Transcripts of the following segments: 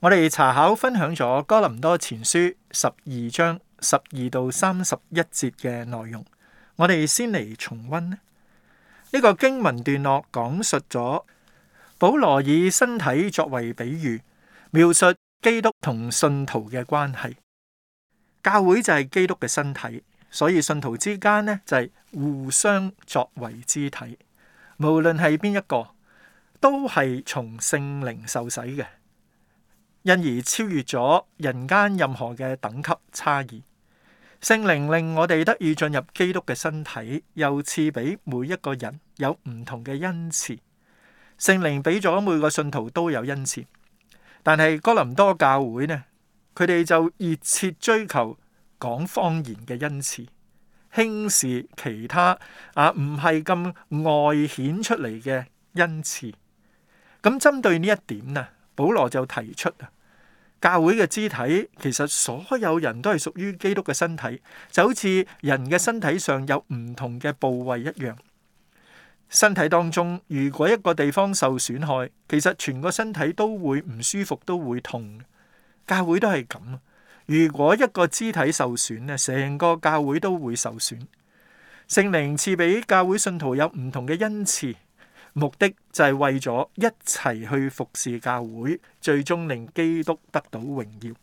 我哋查考分享咗哥林多前書十二章十二到三十一節嘅內容，我哋先嚟重温呢。呢個經文段落講述咗保羅以身體作為比喻，描述基督同信徒嘅關係。教會就係基督嘅身體，所以信徒之間呢就係互相作為肢體，無論係邊一個都係從聖靈受洗嘅。因而超越咗人間任何嘅等級差異。聖靈令我哋得以進入基督嘅身體，又賜俾每一個人有唔同嘅恩賜。聖靈俾咗每個信徒都有恩賜，但係哥林多教會呢，佢哋就熱切追求講方言嘅恩賜，輕視其他啊唔係咁外顯出嚟嘅恩賜。咁針對呢一點啊，保羅就提出啊，教會嘅肢體其實所有人都係屬於基督嘅身體，就好似人嘅身體上有唔同嘅部位一樣。身體當中如果一個地方受損害，其實全個身體都會唔舒服，都會痛。教會都係咁，如果一個肢體受損咧，成個教會都會受損。聖靈賜俾教會信徒有唔同嘅恩賜。目的就係為咗一齊去服侍教會，最終令基督得到榮耀。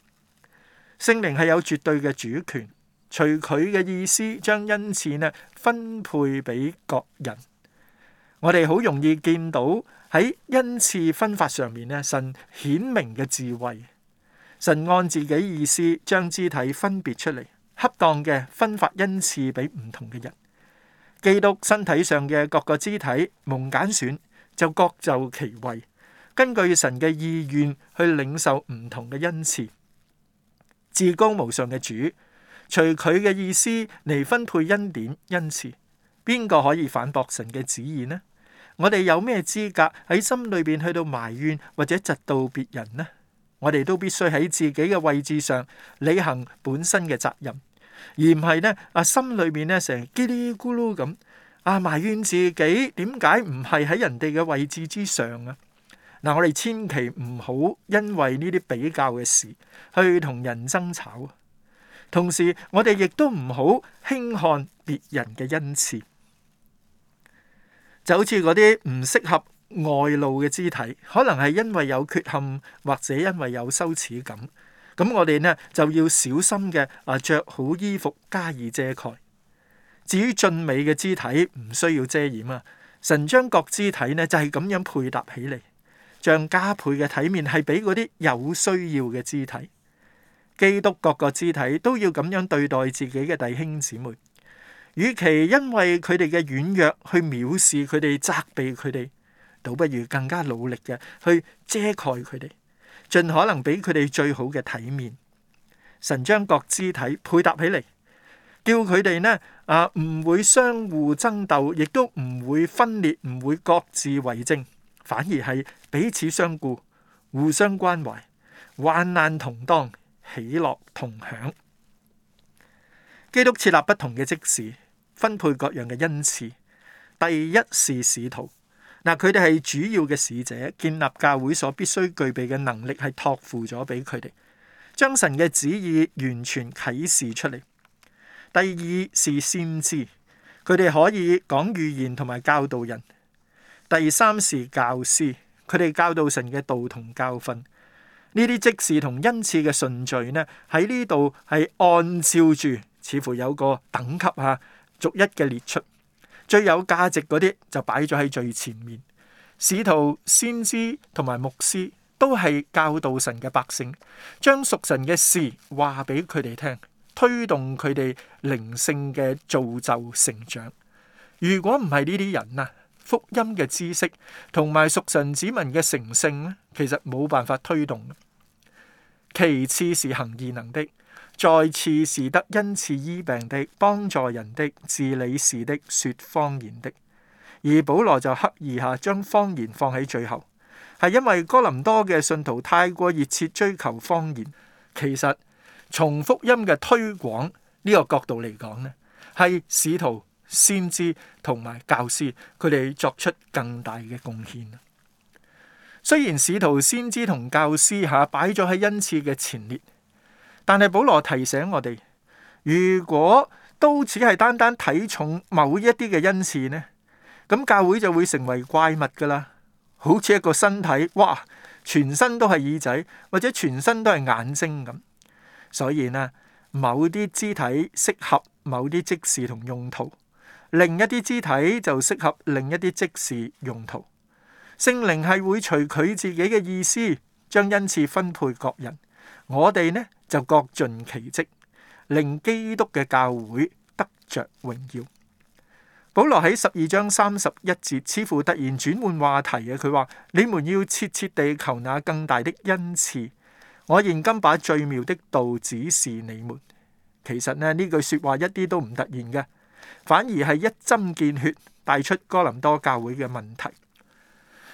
聖靈係有絕對嘅主權，隨佢嘅意思將恩賜呢分配俾各人。我哋好容易見到喺恩賜分發上面呢，神顯明嘅智慧，神按自己意思將肢體分別出嚟，恰當嘅分發恩賜俾唔同嘅人。基督身體上嘅各個肢體蒙揀選，就各就其位，根據神嘅意願去領受唔同嘅恩賜。至高無上嘅主，隨佢嘅意思嚟分配恩典恩賜。邊個可以反駁神嘅旨意呢？我哋有咩資格喺心裏邊去到埋怨或者窒到別人呢？我哋都必須喺自己嘅位置上履行本身嘅責任。而唔係呢，啊心裏面呢成嘰哩咕嚕咁，啊埋怨自己點解唔係喺人哋嘅位置之上啊？嗱，我哋千祈唔好因為呢啲比較嘅事去同人爭吵，同時我哋亦都唔好輕看別人嘅恩賜，就好似嗰啲唔適合外露嘅肢體，可能係因為有缺陷，或者因為有羞恥感。咁我哋呢就要小心嘅啊，着好衣服加以遮蓋。至於俊美嘅肢體唔需要遮掩啊！神將各肢體呢就係、是、咁樣配搭起嚟，像加倍嘅體面係俾嗰啲有需要嘅肢體。基督各個肢體都要咁樣對待自己嘅弟兄姊妹。與其因為佢哋嘅軟弱去藐視佢哋、責備佢哋，倒不如更加努力嘅去遮蓋佢哋。盡可能俾佢哋最好嘅體面，神將各肢體配搭起嚟，叫佢哋呢啊唔會相互爭鬥，亦都唔會分裂，唔會各自為政，反而係彼此相顧、互相關懷，患難同當，喜樂同享。基督設立不同嘅職事，分配各樣嘅恩賜。第一是使徒。嗱，佢哋係主要嘅使者，建立教會所必須具備嘅能力係託付咗俾佢哋，將神嘅旨意完全啟示出嚟。第二是先知，佢哋可以講語言同埋教導人。第三是教師，佢哋教導神嘅道同教訓。呢啲即是同恩賜嘅順序呢，喺呢度係按照住，似乎有個等級吓、啊，逐一嘅列出。最有價值嗰啲就擺咗喺最前面，使徒、先知同埋牧師都係教導神嘅百姓，將屬神嘅事話俾佢哋聽，推動佢哋靈性嘅造就成長。如果唔係呢啲人啊，福音嘅知識同埋屬神子民嘅成聖，咧，其實冇辦法推動。其次，是行異能的。再次是得恩賜醫病的，幫助人的，治理事的，說方言的，而保羅就刻意下將方言放喺最後，係因為哥林多嘅信徒太過熱切追求方言。其實從福音嘅推廣呢個角度嚟講呢，係使徒先知、同埋教師佢哋作出更大嘅貢獻。雖然使徒先知、同教師吓擺咗喺恩賜嘅前列。但係，保羅提醒我哋，如果都只係單單睇重某一啲嘅恩賜呢，咁教會就會成為怪物㗎啦，好似一個身體，哇，全身都係耳仔，或者全身都係眼睛咁。所以呢，某啲肢體適合某啲職事同用途，另一啲肢體就適合另一啲職事用途。聖靈係會隨佢自己嘅意思將恩賜分配各人。我哋呢，就各盡其職，令基督嘅教會得着榮耀。保羅喺十二章三十一節，似乎突然轉換話題啊！佢話：你們要切切地求那更大的恩賜。我現今把最妙的道指示你們。其實呢，呢句說話一啲都唔突然嘅，反而係一針見血帶出哥林多教會嘅問題。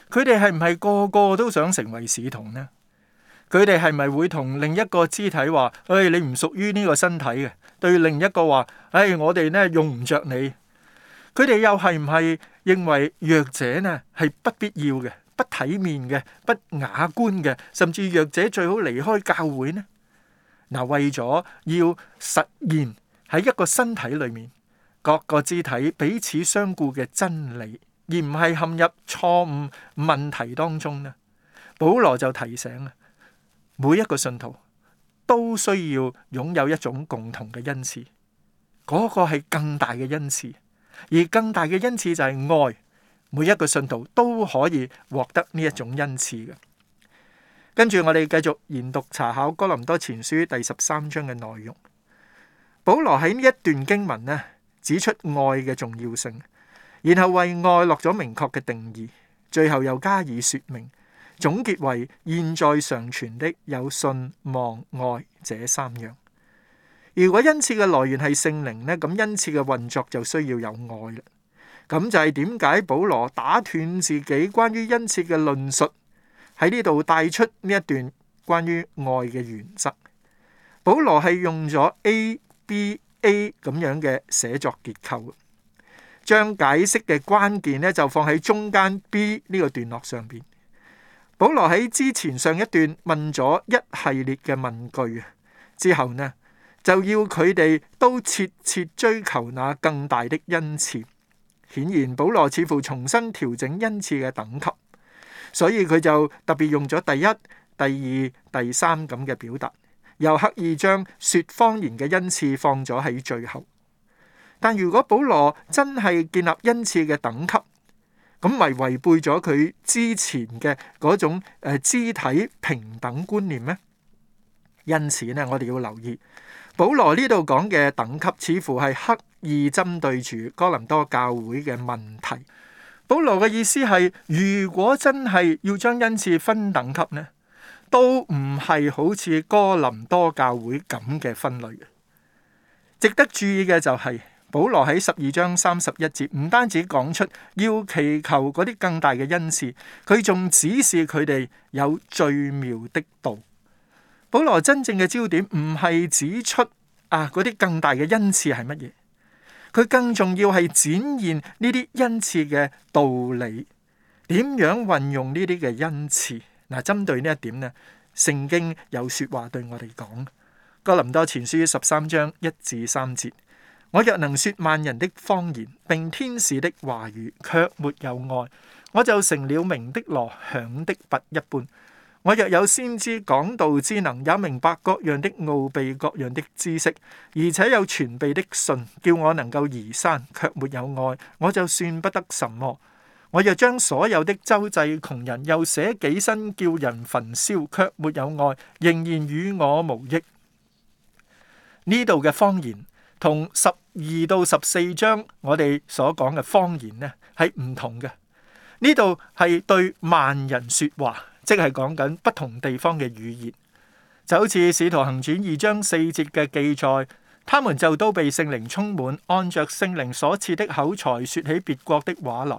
佢哋係唔係個個都想成為使徒呢？佢哋係咪會同另一個肢體話，誒，你唔屬於呢個身體嘅？對另一個話，誒，我哋咧用唔着你。佢哋又係唔係認為弱者呢係不必要嘅，不體面嘅，不雅觀嘅，甚至弱者最好離開教會呢？嗱，為咗要實現喺一個身體裏面各個肢體彼此相顧嘅真理，而唔係陷入錯誤問題當中呢？保羅就提醒啊。每一個信徒都需要擁有一種共同嘅恩賜，嗰個係更大嘅恩賜，而更大嘅恩賜就係愛。每一個信徒都可以獲得呢一種恩賜嘅。跟住我哋繼續研讀查考哥林多前書第十三章嘅內容。保羅喺呢一段經文呢，指出愛嘅重要性，然後為愛落咗明確嘅定義，最後又加以說明。總結為現在常存的有信望愛這三樣。如果恩賜嘅來源係聖靈呢，咁恩賜嘅運作就需要有愛啦。咁就係點解保羅打斷自己關於恩賜嘅論述，喺呢度帶出呢一段關於愛嘅原則。保羅係用咗 A B A 咁樣嘅寫作結構，將解釋嘅關鍵呢就放喺中間 B 呢個段落上邊。保羅喺之前上一段問咗一系列嘅問句，之後呢，就要佢哋都切切追求那更大的恩賜。顯然保羅似乎重新調整恩賜嘅等級，所以佢就特別用咗第一、第二、第三咁嘅表達，又刻意將說方言嘅恩賜放咗喺最後。但如果保羅真係建立恩賜嘅等級？咁咪違背咗佢之前嘅嗰種、呃、肢體平等觀念咩？因此呢，我哋要留意，保羅呢度講嘅等級，似乎係刻意針對住哥林多教會嘅問題。保羅嘅意思係，如果真係要將恩賜分等級呢，都唔係好似哥林多教會咁嘅分類。值得注意嘅就係，保羅喺十二章三十一節，唔單止講出要祈求嗰啲更大嘅恩賜，佢仲指示佢哋有最妙的道。保羅真正嘅焦點唔係指出啊嗰啲更大嘅恩賜係乜嘢，佢更重要係展現呢啲恩賜嘅道理，點樣運用呢啲嘅恩賜嗱。針對呢一點咧，聖經有說話對我哋講。哥林多前書十三章一至三節。我若能說萬人的方言，並天使的話語，却沒有愛，我就成了鳴的鑼、響的鈸不一般。我若有先知講道之能，也明白各樣的奧秘、各樣的知識，而且有全備的信，叫我能夠移山，却沒有愛，我就算不得什麼。我若將所有的周濟窮人，又捨己身叫人焚燒，却沒有愛，仍然與我無益。呢度嘅方言。同十二到十四章我哋所講嘅方言咧係唔同嘅，呢度係對萬人説話，即係講緊不同地方嘅語言，就好似《使徒行傳》二章四節嘅記載，他們就都被聖靈充滿，按着聖靈所賜的口才，説起別國的話來。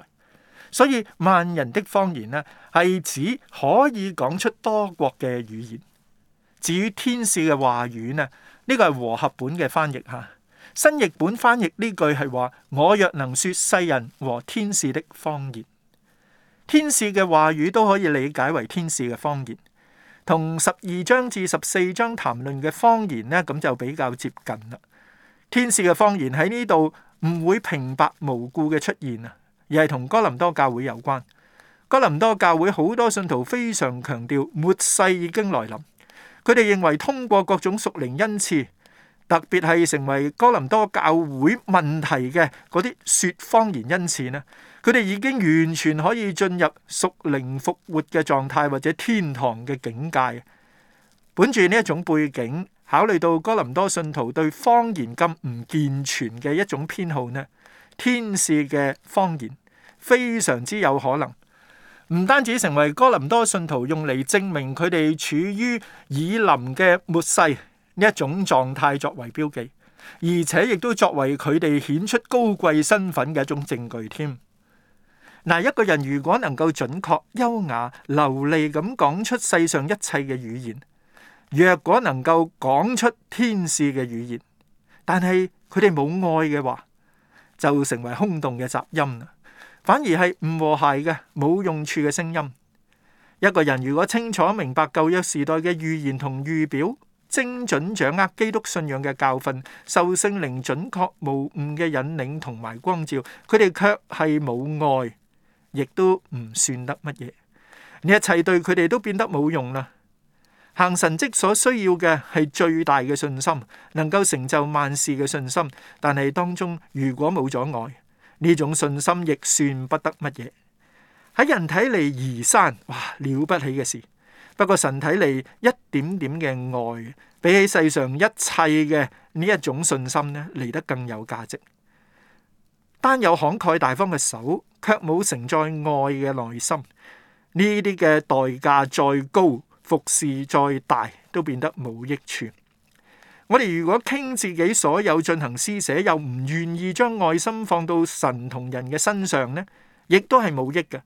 所以萬人的方言咧係指可以講出多國嘅語言。至於天使嘅話語咧，呢個係和合本嘅翻譯嚇。新譯本翻譯呢句係話：我若能説世人和天使的方言，天使嘅話語都可以理解為天使嘅方言，同十二章至十四章談論嘅方言呢，咁就比較接近啦。天使嘅方言喺呢度唔會平白無故嘅出現啊，而係同哥林多教會有關。哥林多教會好多信徒非常強調末世已經來臨，佢哋認為通過各種屬靈恩賜。特別係成為哥林多教會問題嘅嗰啲說方言恩賜呢，佢哋已經完全可以進入屬靈復活嘅狀態或者天堂嘅境界。本住呢一種背景，考慮到哥林多信徒對方言咁唔健全嘅一種偏好呢，天使嘅方言非常之有可能唔單止成為哥林多信徒用嚟證明佢哋處於已臨嘅末世。呢一種狀態作為標記，而且亦都作為佢哋顯出高貴身份嘅一種證據添。嗱，一個人如果能夠準確、優雅、流利咁講出世上一切嘅語言，若果能夠講出天使嘅語言，但係佢哋冇愛嘅話，就成為空洞嘅雜音，反而係唔和諧嘅、冇用處嘅聲音。一個人如果清楚明白舊約時代嘅預言同預表。精準掌握基督信仰嘅教訓，受聖靈準確無誤嘅引領同埋光照，佢哋卻係冇愛，亦都唔算得乜嘢。呢一切對佢哋都變得冇用啦。行神蹟所需要嘅係最大嘅信心，能夠成就萬事嘅信心。但係當中如果冇咗愛，呢種信心亦算不得乜嘢。喺人睇嚟移山，哇，了不起嘅事！不過神睇嚟，一點點嘅愛，比起世上一切嘅呢一種信心呢，嚟得更有價值。單有慷慨大方嘅手，卻冇承載愛嘅內心，呢啲嘅代價再高，服侍再大，都變得冇益處。我哋如果傾自己所有進行施捨，又唔願意將愛心放到神同人嘅身上呢，亦都係冇益嘅。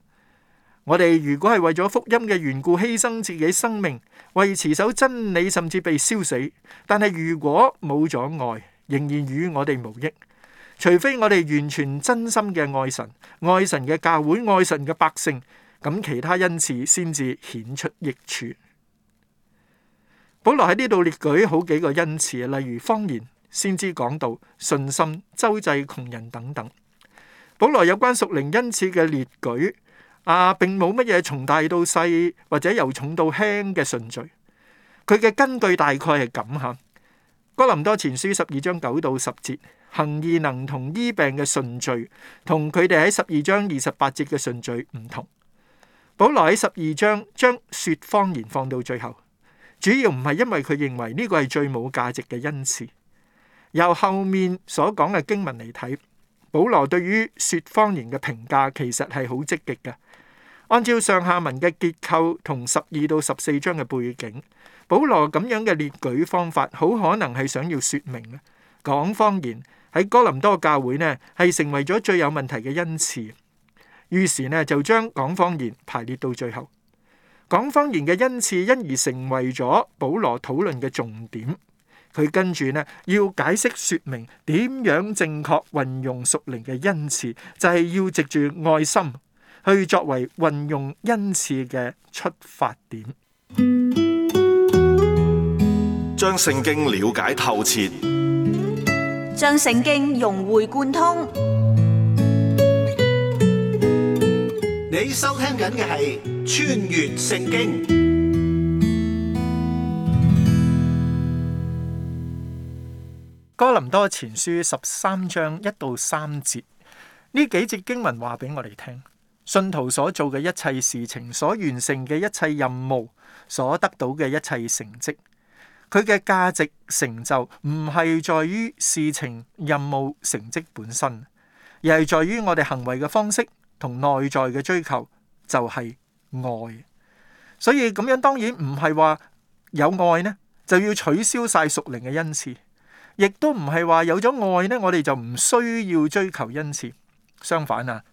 我哋如果係為咗福音嘅緣故犧牲自己生命，為持守真理甚至被燒死，但係如果冇咗愛，仍然與我哋無益。除非我哋完全真心嘅愛神、愛神嘅教會、愛神嘅百姓，咁其他恩賜先至顯出益處。保羅喺呢度列舉好幾個恩賜，例如方言，先知講道、信心、周濟窮人等等。保羅有關屬靈恩賜嘅列舉。啊，並冇乜嘢從大到細或者由重到輕嘅順序，佢嘅根據大概係咁吓。哥林多前書十二章九到十節，行義能同醫病嘅順序同佢哋喺十二章二十八節嘅順序唔同。保羅喺十二章將說方言放到最後，主要唔係因為佢認為呢個係最冇價值嘅恩賜。由後面所講嘅經文嚟睇，保羅對於說方言嘅評價其實係好積極嘅。按照上下文嘅結構同十二到十四章嘅背景，保羅咁樣嘅列舉方法，好可能係想要説明咧，講方言喺哥林多教會呢，係成為咗最有問題嘅恩賜，於是呢，就將講方言排列到最後，講方言嘅恩賜因而成為咗保羅討論嘅重點。佢跟住呢，要解釋説明點樣正確運用屬靈嘅恩賜，就係、是、要藉住愛心。去作為運用恩賜嘅出發點，將聖經瞭解透徹，將聖經融會貫通。你收聽緊嘅係《穿越聖經》。哥林多前書十三章一到三節，呢幾節經文話俾我哋聽。信徒所做嘅一切事情，所完成嘅一切任務，所得到嘅一切成績，佢嘅價值成就唔係在於事情、任務、成績本身，而係在於我哋行為嘅方式同內在嘅追求，就係愛。所以咁樣當然唔係話有愛呢就要取消晒屬靈嘅恩賜，亦都唔係話有咗愛呢我哋就唔需要追求恩賜。相反啊。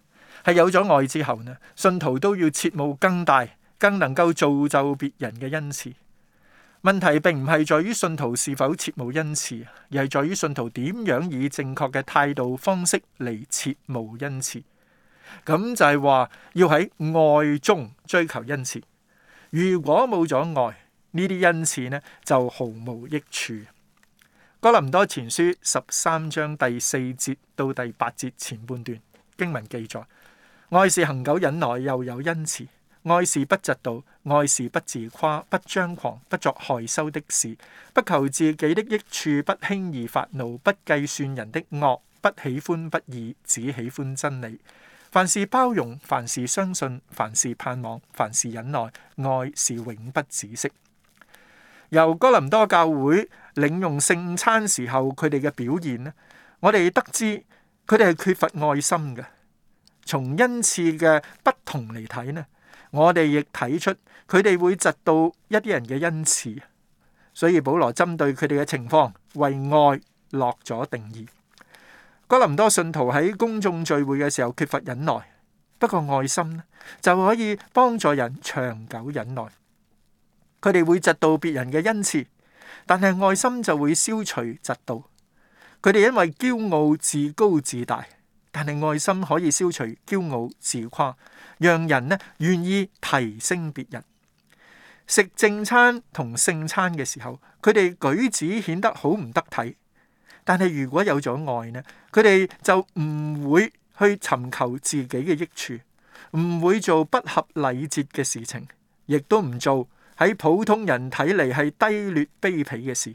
係有咗愛之後呢，信徒都要切慕更大，更能夠造就別人嘅恩賜。問題並唔係在於信徒是否切慕恩賜，而係在於信徒點樣以正確嘅態度方式嚟切慕恩賜。咁就係話要喺愛中追求恩賜。如果冇咗愛，慈呢啲恩賜呢就毫無益處。哥林多前書十三章第四節到第八節前半段經文記載。愛是恒久忍耐，又有恩慈；愛是不嫉妒，愛是不自誇，不張狂，不作害羞的事，不求自己的益處，不輕易發怒，不計算人的惡，不喜歡不義，只喜歡真理。凡事包容，凡事相信，凡事盼望，凡事忍耐，愛是永不止息。由哥林多教會領用聖餐時候佢哋嘅表現呢，我哋得知佢哋係缺乏愛心嘅。從恩賜嘅不同嚟睇呢，我哋亦睇出佢哋會窒到一啲人嘅恩賜，所以保羅針對佢哋嘅情況，為愛落咗定義。哥林多信徒喺公眾聚會嘅時候缺乏忍耐，不過愛心就可以幫助人長久忍耐。佢哋會窒到別人嘅恩賜，但係愛心就會消除窒到。佢哋因為驕傲自高自大。但係愛心可以消除驕傲自誇，讓人呢願意提升別人。食正餐同聖餐嘅時候，佢哋舉止顯得好唔得體。但係如果有咗愛呢，佢哋就唔會去尋求自己嘅益處，唔會做不合禮節嘅事情，亦都唔做喺普通人睇嚟係低劣卑鄙嘅事，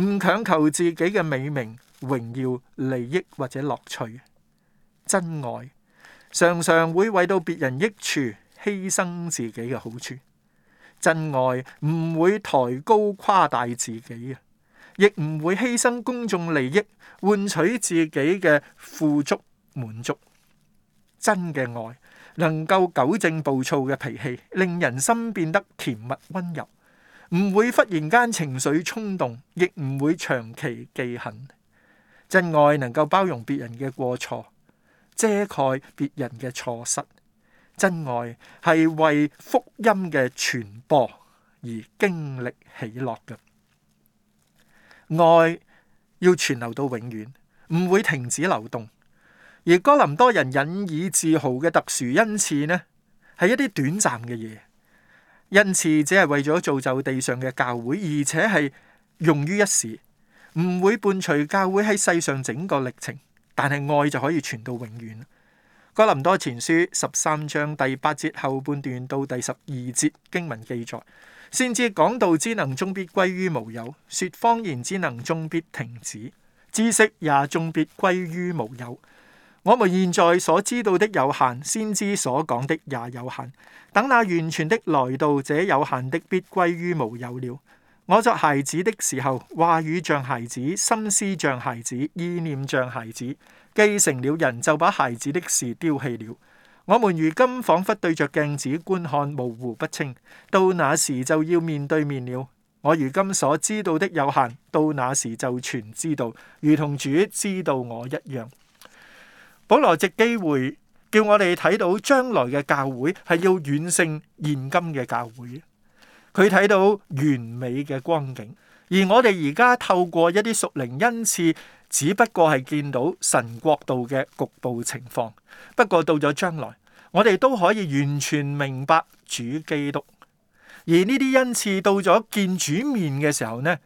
唔強求自己嘅美名、榮耀、利益或者樂趣。真愛常常會為到別人益處，犧牲自己嘅好處。真愛唔會抬高誇大自己啊，亦唔會犧牲公眾利益，換取自己嘅富足滿足。真嘅愛能夠糾正暴躁嘅脾氣，令人心變得甜蜜溫柔，唔會忽然間情緒衝動，亦唔會長期記恨。真愛能夠包容別人嘅過錯。遮蓋別人嘅錯失，真愛係為福音嘅傳播而經歷起落嘅。愛要傳流到永遠，唔會停止流動。而哥林多人引以自豪嘅特殊恩賜呢，係一啲短暫嘅嘢。恩賜只係為咗造就地上嘅教會，而且係用於一時，唔會伴隨教會喺世上整個歷程。但係愛就可以傳到永遠。哥林多前書十三章第八節後半段到第十二節經文記載：先知講道之能終必歸於無有，說方言之能終必停止，知識也終必歸於無有。我們現在所知道的有限，先知所講的也有限。等那完全的來到，這有限的必歸於無有了。我作孩子的時候，話語像孩子，心思像孩子，意念像孩子。既成了人，就把孩子的事丟棄了。我們如今仿佛對着鏡子觀看，模糊不清。到那時就要面對面了。我如今所知道的有限，到那時就全知道，如同主知道我一樣。保羅藉機會叫我哋睇到將來嘅教會係要遠勝現今嘅教會。佢睇到完美嘅光景，而我哋而家透過一啲屬靈恩賜，只不過係見到神國度嘅局部情況。不過到咗將來，我哋都可以完全明白主基督。而呢啲恩賜到咗見主面嘅時候呢，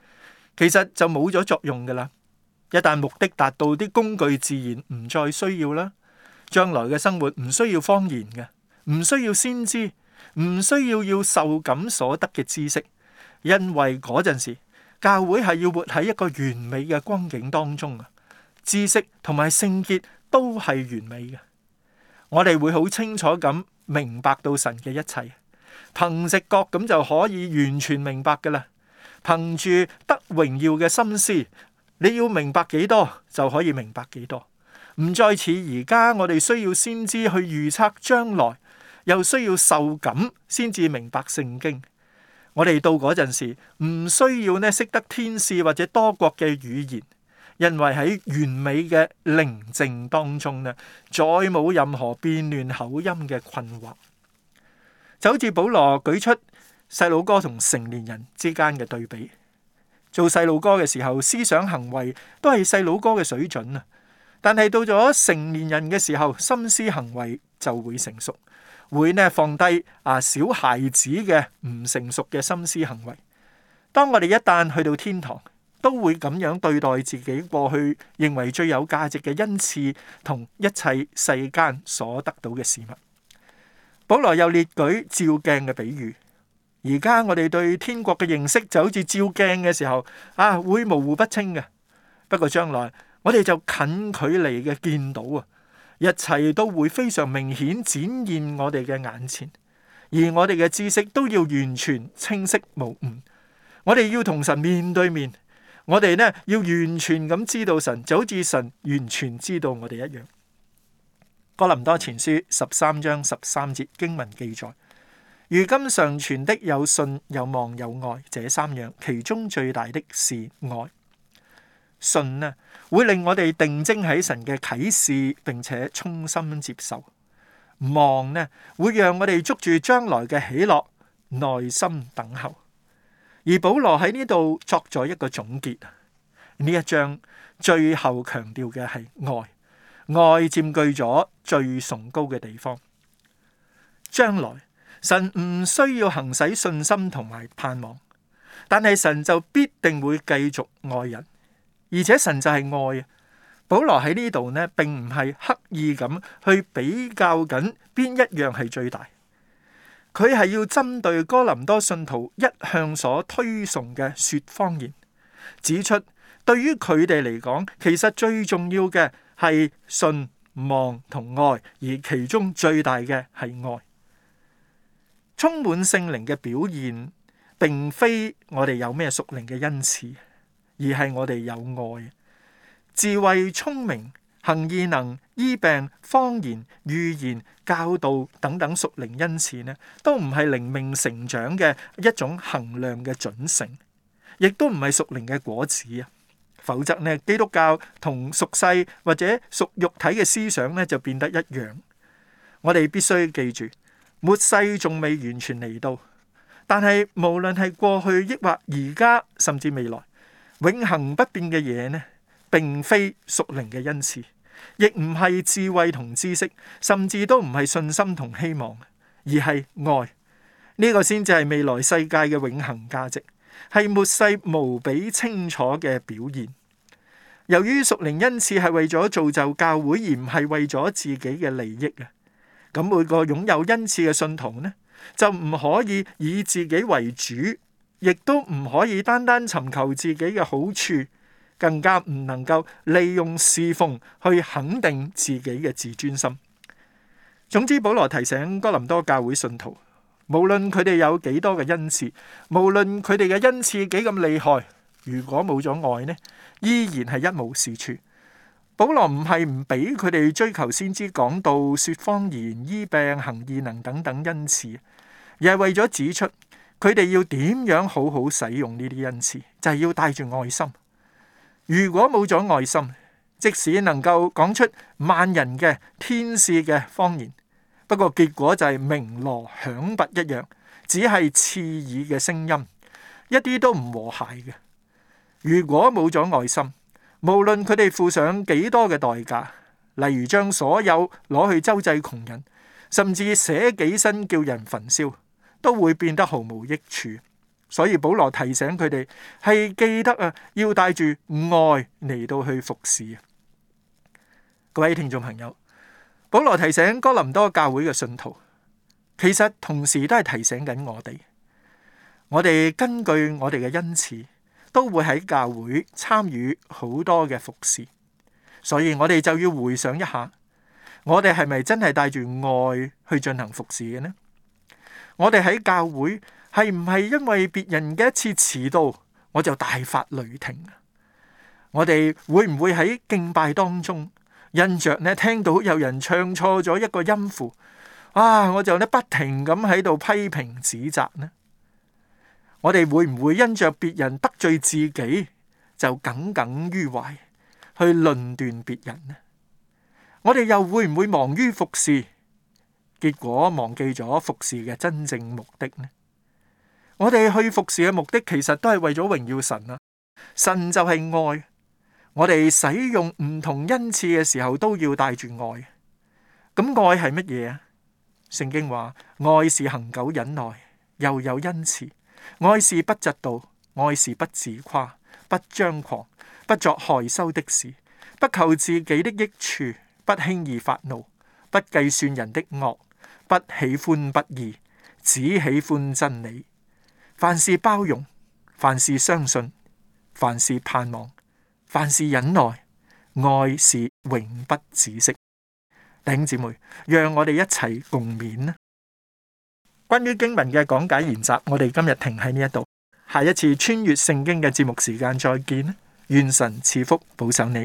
其實就冇咗作用㗎喇。一旦目的達到，啲工具自然唔再需要啦。將來嘅生活唔需要方言嘅，唔需要先知。唔需要要受感所得嘅知識，因為嗰陣時教會係要活喺一個完美嘅光景當中啊！知識同埋聖潔都係完美嘅，我哋會好清楚咁明白到神嘅一切，憑直覺咁就可以完全明白噶啦。憑住得榮耀嘅心思，你要明白幾多就可以明白幾多，唔再似而家我哋需要先知去預測將來。又需要受感先至明白聖經。我哋到嗰陣時唔需要呢，識得天使或者多國嘅語言，因為喺完美嘅寧靜當中呢，再冇任何變亂口音嘅困惑。就好似保羅舉，舉出細佬哥同成年人之間嘅對比。做細佬哥嘅時候，思想行為都係細佬哥嘅水準啊，但係到咗成年人嘅時候，心思行為就會成熟。會呢放低啊，小孩子嘅唔成熟嘅心思行為。當我哋一旦去到天堂，都會咁樣對待自己過去認為最有價值嘅恩賜，同一切世間所得到嘅事物。保羅又列舉照鏡嘅比喻。而家我哋對天國嘅認識就好似照鏡嘅時候啊，會模糊不清嘅。不過將來我哋就近距離嘅見到啊。一切都會非常明顯，展現我哋嘅眼前，而我哋嘅知識都要完全清晰無誤。我哋要同神面對面，我哋呢要完全咁知道神，就好似神完全知道我哋一樣。哥林多前書十三章十三節經文記載：「如今常存的有信、有望、有愛，這三樣，其中最大的是愛。信呢，會令我哋定睛喺神嘅啟示，並且衷心接受；望呢，會讓我哋捉住將來嘅喜樂，耐心等候。而保羅喺呢度作咗一個總結，呢一章最後強調嘅係愛，愛佔據咗最崇高嘅地方。將來神唔需要行使信心同埋盼望，但係神就必定會繼續愛人。而且神就係愛啊！保羅喺呢度呢並唔係刻意咁去比較緊邊一樣係最大，佢係要針對哥林多信徒一向所推崇嘅說方言，指出對於佢哋嚟講，其實最重要嘅係信望同愛，而其中最大嘅係愛。充滿聖靈嘅表現並非我哋有咩屬靈嘅恩賜。而係我哋有愛、智慧、聰明、行異能、醫病、方言、預言、教導等等，屬靈恩賜咧，都唔係靈命成長嘅一種衡量嘅準繩，亦都唔係屬靈嘅果子啊。否則咧，基督教同屬世或者屬肉體嘅思想咧，就變得一樣。我哋必須記住，末世仲未完全嚟到，但係無論係過去，抑或而家，甚至未來。永恆不變嘅嘢呢，並非屬靈嘅恩賜，亦唔係智慧同知識，甚至都唔係信心同希望，而係愛。呢個先至係未來世界嘅永恆價值，係末世無比清楚嘅表現。由於屬靈恩賜係為咗造就教會，而唔係為咗自己嘅利益啊！咁每個擁有恩賜嘅信徒呢，就唔可以以自己為主。亦都唔可以單單尋求自己嘅好處，更加唔能夠利用侍奉去肯定自己嘅自尊心。總之，保羅提醒哥林多教會信徒，無論佢哋有幾多嘅恩賜，無論佢哋嘅恩賜幾咁厲害，如果冇咗愛呢，依然係一無是處。保羅唔係唔俾佢哋追求先知講道、説方言、醫病、行異能等等恩賜，而係為咗指出。佢哋要點樣好好使用呢啲恩賜，就係、是、要帶住愛心。如果冇咗愛心，即使能夠講出萬人嘅天使嘅方言，不過結果就係鳴鑼響鈸一樣，只係刺耳嘅聲音，一啲都唔和諧嘅。如果冇咗愛心，無論佢哋付上幾多嘅代價，例如將所有攞去周濟窮人，甚至捨己身叫人焚燒。都會變得毫無益處，所以保羅提醒佢哋係記得啊，要帶住愛嚟到去服侍。各位聽眾朋友，保羅提醒哥林多教會嘅信徒，其實同時都係提醒緊我哋。我哋根據我哋嘅恩賜，都會喺教會參與好多嘅服侍。所以我哋就要回想一下，我哋係咪真係帶住愛去進行服侍嘅呢？我哋喺教會係唔係因為別人嘅一次遲到，我就大發雷霆啊？我哋會唔會喺敬拜當中，因着呢聽到有人唱錯咗一個音符，啊，我就呢不停咁喺度批評指責呢？我哋會唔會因着別人得罪自己，就耿耿於懷，去論斷別人呢？我哋又會唔會忙於服侍？結果忘記咗服侍嘅真正目的呢？我哋去服侍嘅目的其實都係為咗榮耀神啊。神就係愛，我哋使用唔同恩賜嘅時候都要帶住愛。咁、嗯、愛係乜嘢啊？聖經話愛是恒久忍耐，又有恩慈；愛是不嫉妒，愛是不自誇，不張狂，不作害羞的事，不求自己的益處，不輕易發怒，不計算人的惡。不喜歡不義，只喜歡真理。凡事包容，凡事相信，凡事盼望，凡事忍耐。愛是永不止息。弟兄姐妹，讓我哋一齊共勉啦。關於經文嘅講解研習，我哋今日停喺呢一度。下一次穿越聖經嘅節目時間再見啦。願神賜福保守你。